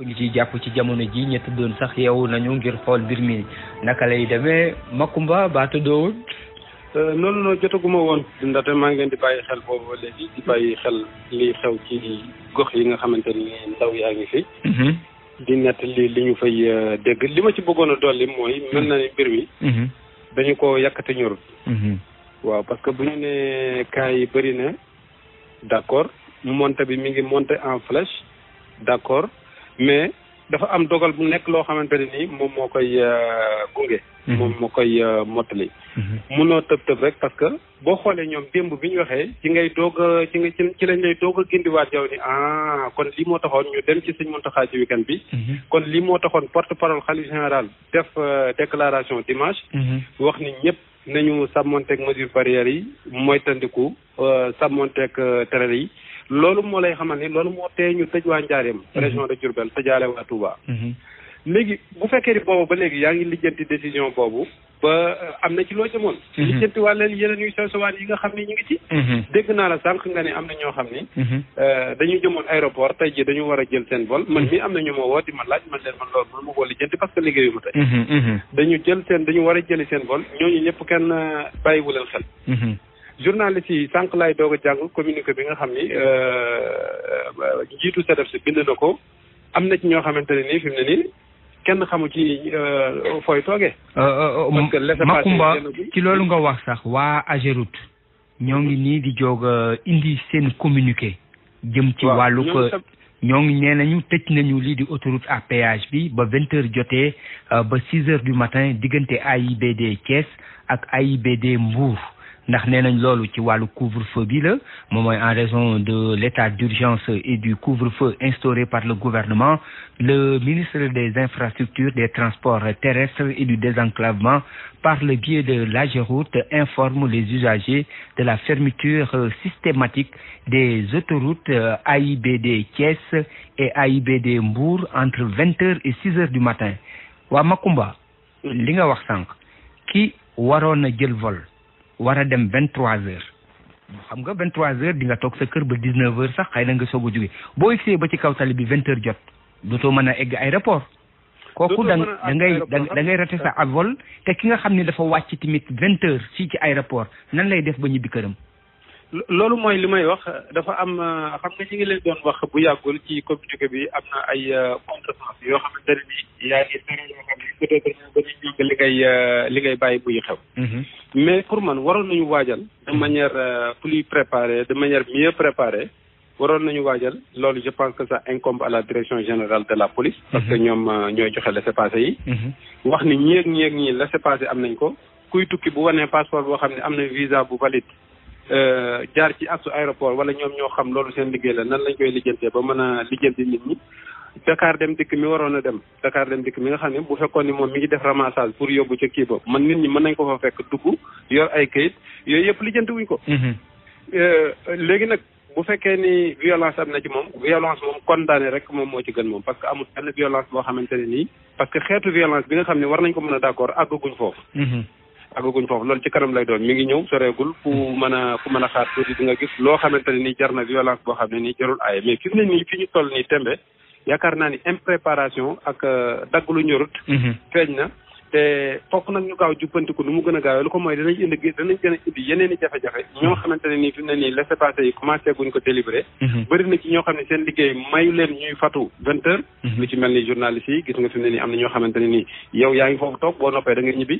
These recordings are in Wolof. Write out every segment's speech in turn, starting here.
ñu ciy jàpp ci jamono ji ñett doon sax yeewu nañu ngir xool mbir mi naka lay demee Makumba ba tëddoowul noonu euh, noonu jotaguma woon ndaxte maa ngi di bàyyi xel boobu ba léegi di bàyyi xel liy xew ci gox yi nga xamante ni ndaw yaa ngi fi mhm. di nett li li ñu fay euh, dégg li ma ci bëggoon a dolli mooy mhm. mel na ni mbir mi mhm. dañu ko yàkkate ñorut waaw parce que bu ñu nee cas yi bari na d'accord monte bi mu ngi monte en flèche d'accord mais dafa am dogal bu nekk loo xamante ne nii moom moo koy euh, gunge. Mhm. moom moo koy euh, mottali. mënoo mhm. tëb tëb rek parce que boo xoolee ñoom démb bi ñu waxee ci ngay doog a ci nga ci lañ lay doog a gindiwaat yow ni ah kon lii moo taxoon ñu dem ci suñ Muntaxa ci weekend bi. Mhm. kon lii moo taxoon porte parole xalifa général def euh, déclaration dimanche. wax ni ñëpp nañu sàmmonteeg mesure barrière yi mooy tandiku sàmmonteeg tere yi. loolu moo lay xamal ni loolu moo tee ñu tëj waa Njaareem mhm. région de Diourbel tëjaale waa Touba mhm. léegi bu fekkee ni boobu ba léegi yaa ngi lijjanti décision boobu ba euh, am na ci loo jëmoon mhm. lijjanti wàlla yeneen yu sew sewaan yi nga xam ni ñu ngi ci dégg naa la sànq nga ne am na ñoo xam ni euh, dañu jëmoon aéroport tey jii dañu war a jël seen bool man mii am na ñu ma woo ma laaj man leen man loolu mënu ma koo lijjanti parce que liggéeyu ma tey dañu jël seen dañu war a jëli seen vol ñooñu ñëpp kenn euh, bàyyiwu leen xel journaliste yi sànq laay doog a jàng communiqué bi nga xam ni euh, euh, njiitu SEDEF si bind na ko am na ci ñoo xamante ne nii fi mu ne nii kenn xamu ci euh, fooy toogee. parce que ci loolu nga wax sax waa Ageroute ñoo ngi nii di joog indi seen communiqué. jëm ci wàllu ko ñoo ngi nee nañu tëj nañu lii di autoroute à péage bi ba vingt heures jotee ba six heures du matin diggante d Thiès ak AIBD mbuur ndax nee nañ loolu ci wàllu couvre-feu la moom mooy en raison de l'état d'urgence et du couvre-feu instauré par le gouvernement le ministre des infrastructures des transports terrestres et du désenclavement par le biais de l'AGEROUTE informe les usagers de la fermeture systématique des autoroutes AIBD Thiès et AIBD Mbour entre vingt heures et six heures du matin waa Makumba li nga wax sànq ki waroon a jël vol war a dem vingt trois heures xam nga vingt trois heures di toog sa kër ba dix neuf heures sax xëy na nga soog a jóge boo egsee ba ci kaw tali bi vingt teur jot dootoo mën a egg aéroport kooku da da ngay da ngay raté sa avol te ki nga xam ni dafa wàcc tamit vingt heures fii ci aéroport nan lay def ba ñibbi këram loolu mooy li may wax dafa am euh, xam nga ñu leen doon wax bu yàggul ci communiqué bi am na ay euh, contresens yoo xamante ne nii yaa ngi dara xam ne euh, li ngay bàyyi buy xew. Mm-hmm. mais pour man waroon nañu waajal. de mm-hmm. manière plus préparée de manière mieux préparée. waroon nañu waajal loolu je pense que ça incombe à la direction générale de la police. Mm-hmm. parce que ñoom ñooy joxe la passer yi. wax ni ñeeg ñeeg ñi laissez-passer am nañ ko. kuy tukki bu wanee passeport boo xam ne am na visa bu valide. Euh, jaar ci aksu aéroport wala ñoom ñoo xam loolu seen liggéey la nan lañ koy lijjantee ba mën a lijjanti nit ñi Dakar dem dikk mi waroon a dem Dakar dem dikk mi nga xam ne bu fekkoon ni moom mi ngi def ramassage pour yóbbu ca kii ba man nit ñi mën nañ ko fa fekk dugg yor ay kayit yooyu yëpp lijjanti wuñ ko mm-hmm. euh, léegi nag bu fekkee ni violence am na ci moom violence moom condamné rek moom moo ci gën moom parce que amul benn violence boo xamante ne nii parce que xeetu violence bi ne war nañ ko mën a d'accord àggaguñ foofu mm-hmm. àggaguñ foofu loolu ci kanam lay doon mi ngi ñëw soreegul ku mën a ku mën a xaar tuuti di nga gis loo xamante ne nii jar na violence boo xam ne nii jarul aaye mais fi mu ne nii fi ñu toll nii tembe yaakaar naa ni impréparation ak euh, dagg lu ñorut mhm. feeñ na te fokk nag ñu gaaw jubbanti nu mu gën a gaawee lu ko mooy danañ gën a indi yeneen jafe-jafe mm-hmm. ñoo xamante nii fi ne nii laissez-passer yi commencé guñ ko délibéré mm-hmm. bëri na ñoo xam ne seen liggéey mayu leen ñuy fatu vingt heures mm-hmm. ci mel ni journaliste yi gis nga fi ne nii am na ñoo xamante nii yow yaa ngi foofu toog boo noppee da ñibbi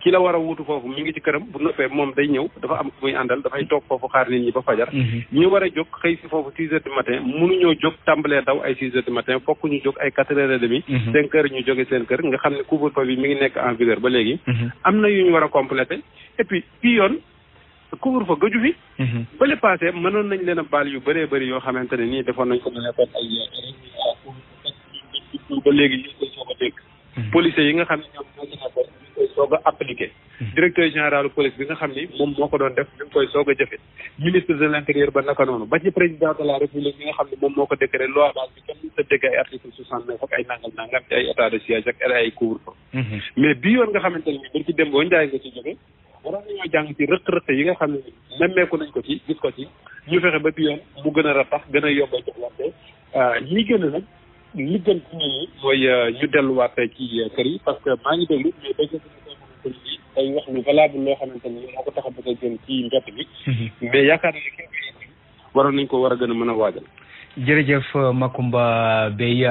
ki la war a wuutu foofu mi ngi ci këram bu noppee moom day ñëw dafa am ku muy àndal dafay toog foofu xaar nit ñi nekk ba léegi. am na yu ñu war a complété et puis bii yoon couvre-feu gëju fi. bële passé mënoon nañ leen baal yu bëree bëri yoo xamante ne nii defoon nañ ko mu nekkoon ay ba léegi ñu yi nga xam ne ñoom ñoo directeur général police bi nga xam ni moom moo ko doon def mi koy soog a jëfe ministre de l' ba naka noonu ba ci président de la bi nga xam ne moom moo ko décrété loi base bi kenn sa mhm. nga xamante ne bi ci dem boo njaay nga ci jóge waroon nañoo yi nga xam ne nemmeeku nañ ko ci gis ko ci ñu fexe ba bi yoon mu gën a rafax gën a yomba joxlante ñi euh, gën a nag li gën ci ñi mooy euh, ñu delluwaat ci euh, kër yi parce que maa ngi déglu mais dégg tey wax lu valable loo xamante ni moo ko tax a bëgg a jëm ci mbett bi. Mhm. waroon nañ ko war a gën a mën a waajal. jërëjëf Macoumba Beye